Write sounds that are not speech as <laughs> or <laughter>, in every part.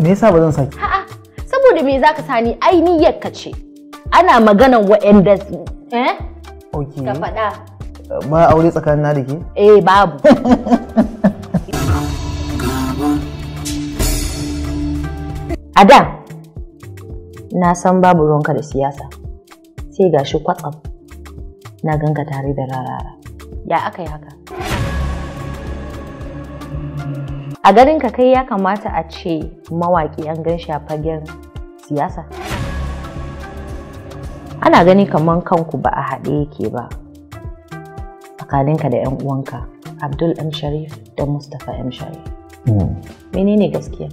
me yasa ba zan saki a'a saboda me zaka sani ai niyyar ka ce ana maganan wa'anda eh okay ka faɗa ba aure tsakanin na da ke eh babu <laughs> a da na san babu ruwanka da siyasa sai gashi kwatsam na ganka tare da rarara ya aka yi haka a garin ka kai ya kamata a ce mawaƙi an gan shafagen siyasa ana gani kamar kanku ba a haɗe yake ba tsakaninka da 'yan uwanka abdul m sharif da mustapha m sharif hmm. menene gaskiya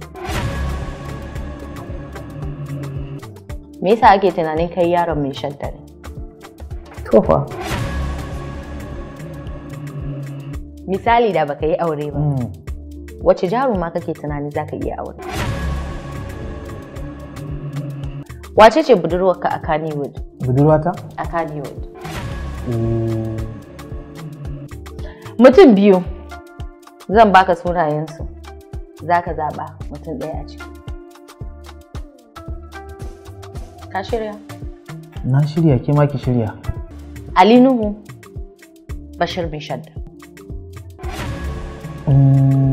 me yasa ake tunanin kai yaron mai shadda ne misali da baka yi aure ba hmm. wace ma kake tunani zaka iya aure wace ce budurwarka a Kannywood budurwata a Kannywood hmm. mutum biyu zan baka sunayensu zaka zaba mutum ɗaya a ciki ka shirya na shirya ke ma ki shirya ali nuhu bashir bin shadda mm.